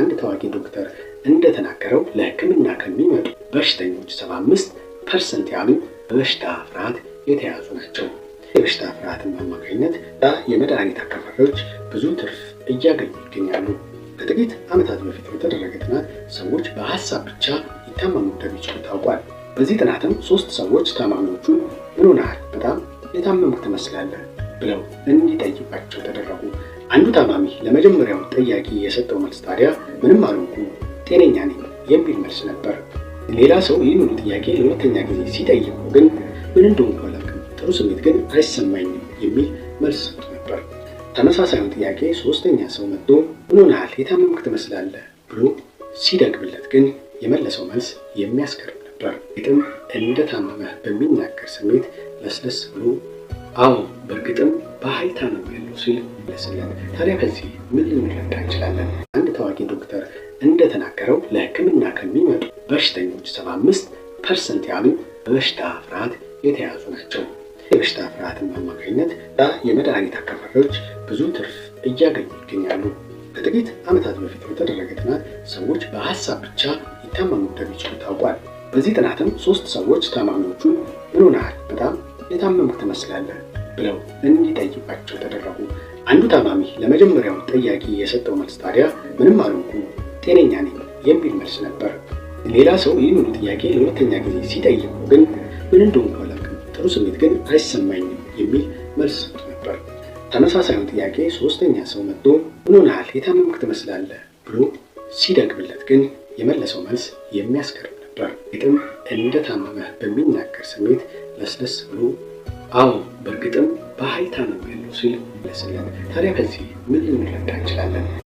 አንድ ታዋቂ ዶክተር እንደተናገረው ለሕክምና ከሚመጡ በሽተኞች 75 ፐርሰንት ያሉ በበሽታ ፍርሃት የተያዙ ናቸው። የበሽታ ፍርሃትን አማካኝነት የመድኃኒት አከፋፋዮች ብዙ ትርፍ እያገኙ ይገኛሉ። ከጥቂት ዓመታት በፊት በተደረገ ጥናት ሰዎች በሀሳብ ብቻ ሊታመሙ እንደሚችሉ ታውቋል። በዚህ ጥናትም ሶስት ሰዎች ታማሚዎቹን ምን ሆነሃል፣ በጣም የታመምክ ትመስላለህ ብለው እንዲጠይቋቸው ተደረጉ። አንዱ ታማሚ ለመጀመሪያው ጠያቂ የሰጠው መልስ ታዲያ ምንም አልሆንኩም ጤነኛ ነኝ የሚል መልስ ነበር። ሌላ ሰው ይህንኑ ጥያቄ ለሁለተኛ ጊዜ ሲጠይቁ ግን ምን እንደሆነ አላውቅም፣ ጥሩ ስሜት ግን አይሰማኝም የሚል መልስ ሰጡ ነበር። ተመሳሳዩ ጥያቄ ሶስተኛ ሰው መጥቶ ምንሆናል የታመምክ ትመስላለህ ብሎ ሲደግምለት ግን የመለሰው መልስ የሚያስገርም ነበር። ግጥም እንደታመመ በሚናገር ስሜት ለስለስ ብሎ አዎ በእርግጥም በሀይታ ነው ያለው ሲል ይመስላል። ታዲያ ከዚህ ምን ልንረዳ እንችላለን? አንድ ታዋቂ ዶክተር እንደተናገረው ለህክምና ከሚመጡ በሽተኞች 75 ፐርሰንት ያሉ በበሽታ ፍርሃት የተያዙ ናቸው። የበሽታ ፍርሃትን አማካኝነት የመድኃኒት አከፋፋዮች ብዙ ትርፍ እያገኙ ይገኛሉ። ከጥቂት ዓመታት በፊት በተደረገ ጥናት ሰዎች በሀሳብ ብቻ ሊታመሙ እንደሚችሉ ታውቋል። በዚህ ጥናትም ሶስት ሰዎች ታማሚዎቹ ምን በጣም የታመምክ ትመስላለህ ብለው እንዲጠይቋቸው ተደረጉ። አንዱ ታማሚ ለመጀመሪያው ጠያቂ የሰጠው መልስ ታዲያ ምንም አልሆንኩም፣ ጤነኛ ነኝ የሚል መልስ ነበር። ሌላ ሰው ይህንኑ ጥያቄ ለሁለተኛ ጊዜ ሲጠይቁ ግን ምን እንደሆነ አላውቅም፣ ጥሩ ስሜት ግን አይሰማኝም የሚል መልስ ሰጡ ነበር። ተመሳሳዩ ጥያቄ ሶስተኛ ሰው መጥቶ ምን ሆነሃል የታመምክ ትመስላለህ ብሎ ሲደግምለት ግን የመለሰው መልስ የሚያስገርም ነበር። ግጥም እንደ ታመመህ በሚናገር ስሜት ለስለስ ብሎ አዎ በእርግጥም በሀይታ ነው ያለው ሲል ይመስለን። ታዲያ ከዚህ ምን ልንረዳ እንችላለን?